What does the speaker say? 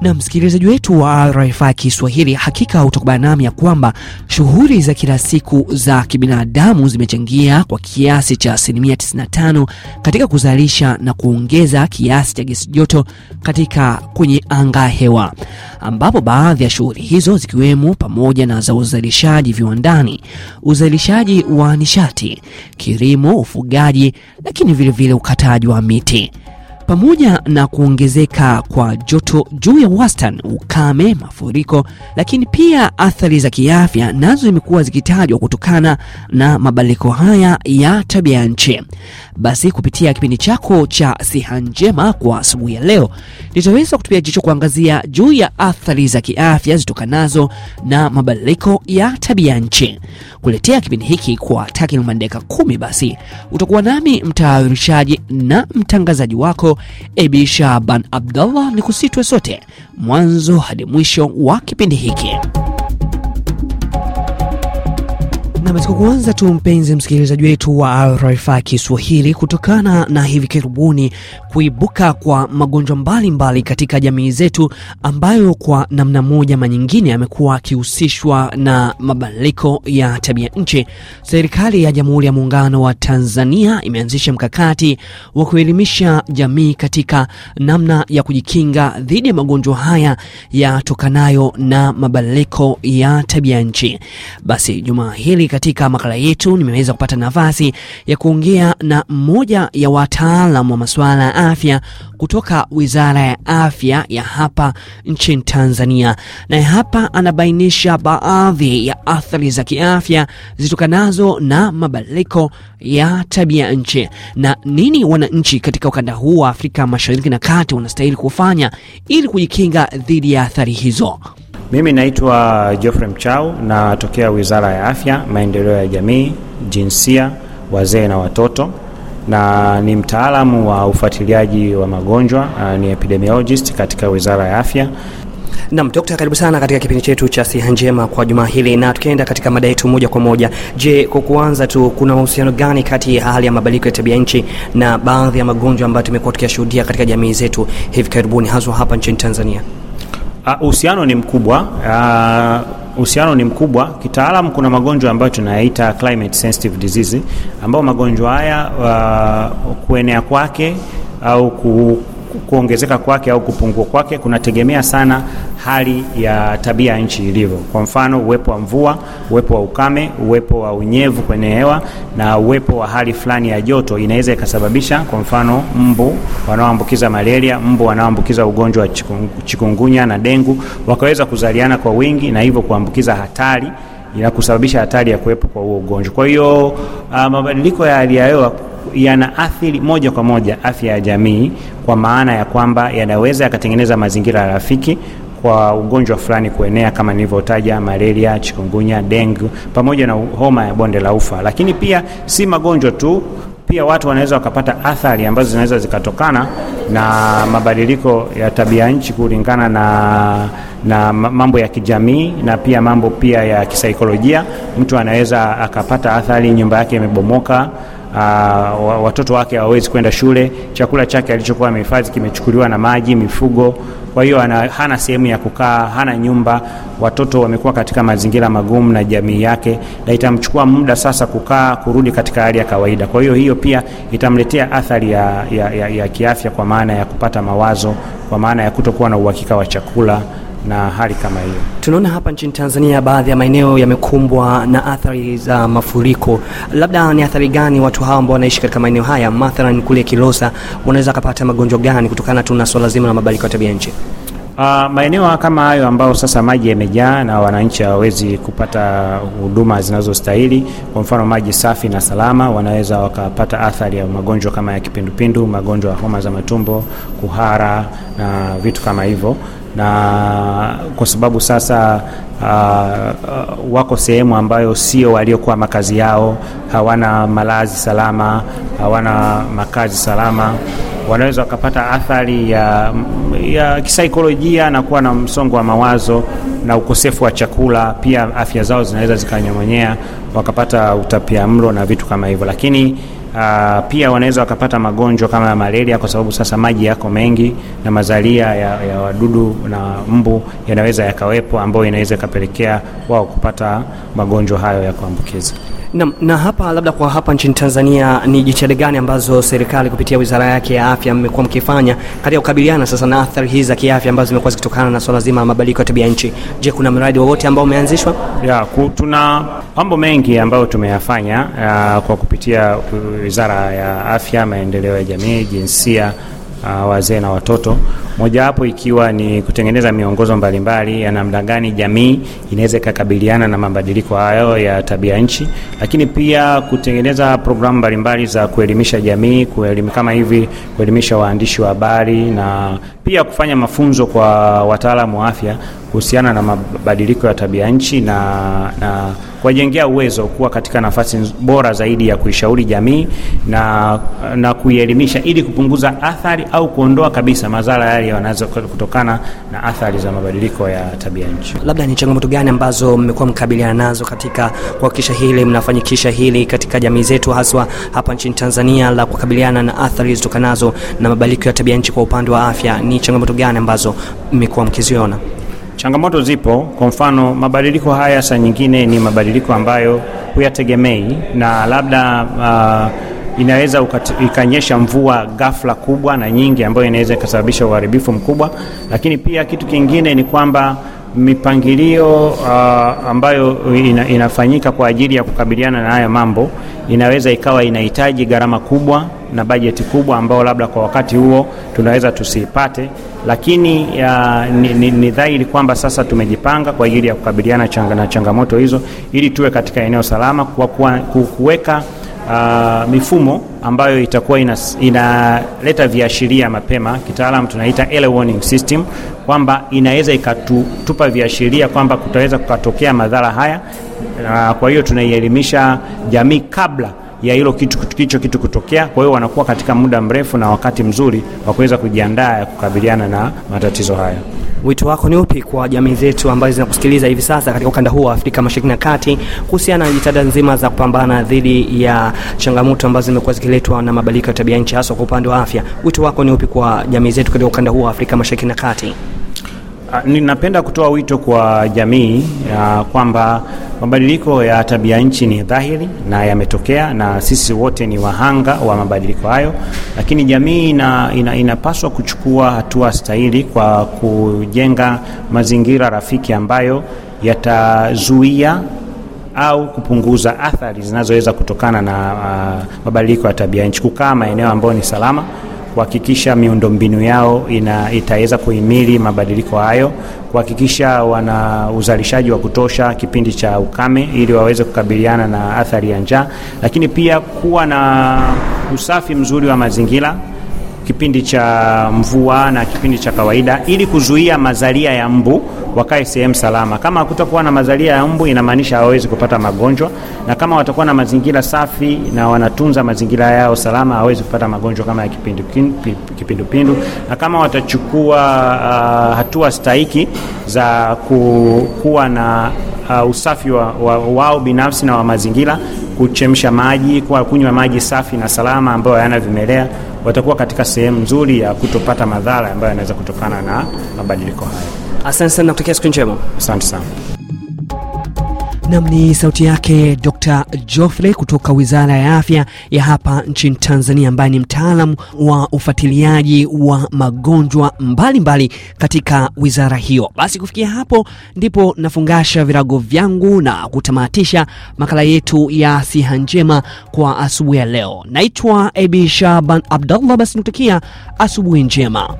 Na msikilizaji wetu wa RFI Kiswahili, hakika utakubana nami ya kwamba shughuli za kila siku za kibinadamu zimechangia kwa kiasi cha asilimia 95 katika kuzalisha na kuongeza kiasi cha gesi joto katika kwenye anga hewa, ambapo baadhi ya shughuli hizo zikiwemo pamoja na za uzalishaji viwandani, uzalishaji wa nishati, kilimo, ufugaji, lakini vilevile vile ukataji wa miti. Pamoja na kuongezeka kwa joto juu ya wastan, ukame, mafuriko, lakini pia athari za kiafya nazo zimekuwa zikitajwa kutokana na mabadiliko haya ya tabia ya nchi. Basi kupitia kipindi chako cha Siha Njema kwa asubuhi ya leo, nitaweza kutupia jicho kuangazia juu ya athari za kiafya zitokanazo na mabadiliko ya tabia nchi. Kuletea kipindi hiki kwa takriban dakika kumi, basi utakuwa nami mtayarishaji na mtangazaji wako Ebi Shaban Abdallah, ni kusitwe sote mwanzo hadi mwisho wa kipindi hiki. Na katika kuanza tu, mpenzi msikilizaji wetu wa RFI Kiswahili, kutokana na hivi karibuni kuibuka kwa magonjwa mbalimbali katika jamii zetu ambayo kwa namna moja manyingine nyingine amekuwa akihusishwa na mabadiliko ya tabia nchi, serikali ya Jamhuri ya Muungano wa Tanzania imeanzisha mkakati wa kuelimisha jamii katika namna ya kujikinga dhidi ya magonjwa haya yatokanayo na mabadiliko ya tabia nchi. Basi juma hili katika makala yetu nimeweza kupata nafasi ya kuongea na mmoja ya wataalam wa masuala afya kutoka Wizara ya Afya ya hapa nchini Tanzania, na hapa anabainisha baadhi ya athari za kiafya zitokanazo na mabadiliko ya tabia nchi na nini wananchi katika ukanda huu wa Afrika Mashariki na Kati wanastahili kufanya ili kujikinga dhidi ya athari hizo. Mimi naitwa Geoffrey Mchau, natokea Wizara ya Afya, Maendeleo ya Jamii, Jinsia, Wazee na Watoto na ni mtaalamu wa ufuatiliaji wa magonjwa uh, ni epidemiologist katika Wizara ya Afya. Nam dokta, karibu sana katika kipindi chetu cha siha njema kwa jumaa hili, na tukienda katika mada yetu moja kwa moja. Je, kwa kuanza tu, kuna uhusiano gani kati ya hali ya mabadiliko ya tabia nchi na baadhi ya magonjwa ambayo tumekuwa tukiyashuhudia katika jamii zetu hivi karibuni, haswa hapa nchini Tanzania? Uh, uhusiano ni mkubwa. Uh, uhusiano ni mkubwa. Kitaalam kuna magonjwa ambayo tunayaita climate sensitive disease, ambayo magonjwa haya uh, kuenea kwake au kuongezeka kwake au kupungua kwake kunategemea sana hali ya tabia ya nchi ilivyo. Kwa mfano, uwepo wa mvua, uwepo wa ukame, uwepo wa unyevu kwenye hewa na uwepo wa hali fulani ya joto inaweza ikasababisha, kwa mfano, mbu wanaoambukiza malaria, mbu wanaoambukiza ugonjwa wa chikungunya na dengu wakaweza kuzaliana kwa wingi na hivyo kuambukiza hatari ina kusababisha hatari ya kuwepo kwa huo ugonjwa. Kwa hiyo ah, mabadiliko ya hali ya hewa yanaathiri moja kwa moja afya ya jamii, kwa maana ya kwamba yanaweza yakatengeneza mazingira ya rafiki kwa ugonjwa fulani kuenea kama nilivyotaja malaria, chikungunya, dengue pamoja na homa ya bonde la ufa. Lakini pia si magonjwa tu, pia watu wanaweza wakapata athari ambazo zinaweza zikatokana na mabadiliko ya tabia nchi kulingana na, na mambo ya kijamii na pia mambo pia ya kisaikolojia. Mtu anaweza akapata athari, nyumba yake imebomoka uh, watoto wake hawawezi kwenda shule, chakula chake alichokuwa amehifadhi kimechukuliwa na maji, mifugo. Kwa hiyo hana sehemu ya kukaa, hana nyumba. Watoto wamekuwa katika mazingira magumu na jamii yake, na itamchukua muda sasa kukaa kurudi katika hali ya kawaida. Kwa hiyo hiyo pia itamletea athari ya, ya, ya, ya kiafya, kwa maana ya kupata mawazo, kwa maana ya kutokuwa na uhakika wa chakula na hali kama hiyo. Tunaona hapa nchini Tanzania baadhi ya maeneo yamekumbwa na athari za mafuriko. Labda ni athari gani watu hawa ambao wanaishi katika maeneo haya, mathalan kule Kilosa, wanaweza kupata magonjwa gani kutokana tu na swala zima la mabadiliko ya tabia nchi? Uh, maeneo kama hayo ambao sasa maji yamejaa na wananchi hawawezi kupata huduma zinazostahili, kwa mfano maji safi na salama, wanaweza wakapata athari ya magonjwa kama ya kipindupindu, magonjwa ya homa za matumbo, kuhara na vitu kama hivyo na kwa sababu sasa uh, wako sehemu ambayo sio waliokuwa makazi yao, hawana malazi salama, hawana makazi salama, wanaweza wakapata athari ya, ya kisaikolojia na kuwa na msongo wa mawazo na ukosefu wa chakula. Pia afya zao zinaweza zikanyamonyea, wakapata utapia mlo na vitu kama hivyo, lakini Uh, pia wanaweza wakapata magonjwa kama ya malaria kwa sababu sasa maji yako mengi na mazalia ya, ya wadudu na mbu yanaweza yakawepo, ambayo inaweza ikapelekea wao kupata magonjwa hayo ya kuambukiza. Na, na hapa labda kwa hapa nchini Tanzania ni jitihada gani ambazo serikali kupitia wizara yake ya afya mmekuwa mkifanya katika kukabiliana sasa na athari hizi za kiafya ambazo zimekuwa zikitokana na swala zima la mabadiliko ya tabia nchi? Je, kuna mradi wowote ambao umeanzishwa? Ya, tuna mambo mengi ambayo tumeyafanya uh, kwa kupitia uh, Wizara ya Afya, Maendeleo ya Jamii, Jinsia, uh, wazee na watoto, mojawapo ikiwa ni kutengeneza miongozo mbalimbali ya namna gani jamii inaweza ikakabiliana na mabadiliko hayo ya tabia nchi, lakini pia kutengeneza programu mbalimbali za kuelimisha jamii, kuelim, kama hivi kuelimisha waandishi wa habari na pia kufanya mafunzo kwa wataalamu wa afya kuhusiana na mabadiliko ya tabia nchi na, na kuwajengea uwezo kuwa katika nafasi bora zaidi ya kuishauri jamii na, na kuielimisha ili kupunguza athari au kuondoa kabisa madhara yale yanaweza kutokana na athari za mabadiliko ya tabia nchi. Labda ni changamoto gani ambazo mmekuwa mkabiliana nazo katika kuhakikisha hili mnafanyikisha hili katika jamii zetu haswa hapa nchini Tanzania la kukabiliana na athari zitokanazo na mabadiliko ya tabia nchi kwa upande wa afya? ni changamoto gani ambazo mmekuwa mkiziona? Changamoto zipo. Kwa mfano, mabadiliko haya saa nyingine ni mabadiliko ambayo huyategemei, na labda uh, inaweza ikanyesha mvua ghafla kubwa na nyingi ambayo inaweza ikasababisha uharibifu mkubwa. Lakini pia kitu kingine ni kwamba mipangilio uh, ambayo ina, inafanyika kwa ajili ya kukabiliana na haya mambo inaweza ikawa inahitaji gharama kubwa na bajeti kubwa ambayo labda kwa wakati huo tunaweza tusiipate, lakini ya, ni, ni, ni dhahiri kwamba sasa tumejipanga kwa ajili ya kukabiliana changa, na changamoto hizo ili tuwe katika eneo salama kwa kuweka Uh, mifumo ambayo itakuwa inaleta ina viashiria mapema, kitaalamu tunaita early warning system, kwamba inaweza ikatupa viashiria kwamba kutaweza kukatokea madhara haya. Uh, kwa hiyo tunaielimisha jamii kabla ya hilo kitu kicho kitu kutokea. Kwa hiyo wanakuwa katika muda mrefu na wakati mzuri wa kuweza kujiandaa ya kukabiliana na matatizo haya. Wito wako ni upi kwa jamii zetu ambazo zinakusikiliza hivi sasa katika ukanda huu wa Afrika Mashariki na Kati kuhusiana na jitihada nzima za kupambana dhidi ya changamoto ambazo zimekuwa zikiletwa na mabadiliko ya tabia nchi hasa kwa upande wa afya? Wito wako ni upi kwa jamii zetu katika ukanda huu wa Afrika Mashariki na Kati? Ah, ninapenda kutoa wito kwa jamii ya ah, kwamba Mabadiliko ya tabia nchi ni dhahiri na yametokea, na sisi wote ni wahanga wa mabadiliko hayo, lakini jamii ina, ina, inapaswa kuchukua hatua stahili kwa kujenga mazingira rafiki ambayo yatazuia au kupunguza athari zinazoweza kutokana na uh, mabadiliko ya tabia nchi, kukaa maeneo ambayo ni salama kuhakikisha miundombinu yao ina, itaweza kuhimili mabadiliko hayo, kuhakikisha wana uzalishaji wa kutosha kipindi cha ukame ili waweze kukabiliana na athari ya njaa, lakini pia kuwa na usafi mzuri wa mazingira kipindi cha mvua na kipindi cha kawaida, ili kuzuia mazalia ya mbu wakae sehemu salama. Kama hakutakuwa na mazalia ya mbu, inamaanisha hawawezi kupata magonjwa, na kama watakuwa na mazingira safi na wanatunza mazingira yao salama, hawawezi kupata magonjwa kama ya kipindupindu, na kama watachukua uh, hatua stahiki za kuwa na uh, usafi wa, wa, wao binafsi na wa mazingira kuchemsha maji, kwa kunywa maji safi na salama ambayo hayana vimelea, watakuwa katika sehemu nzuri ya kutopata madhara ambayo yanaweza kutokana na mabadiliko haya. Asante sana, nakutakia siku njema. Asante sana. Nam ni sauti yake Dr. Jofle kutoka Wizara ya Afya ya hapa nchini Tanzania, ambaye ni mtaalam wa ufuatiliaji wa magonjwa mbalimbali mbali katika wizara hiyo. Basi kufikia hapo ndipo nafungasha virago vyangu na kutamatisha makala yetu ya Siha Njema kwa asubuhi ya leo. Naitwa Abi Shaban Abdallah, basi nikutakia asubuhi njema.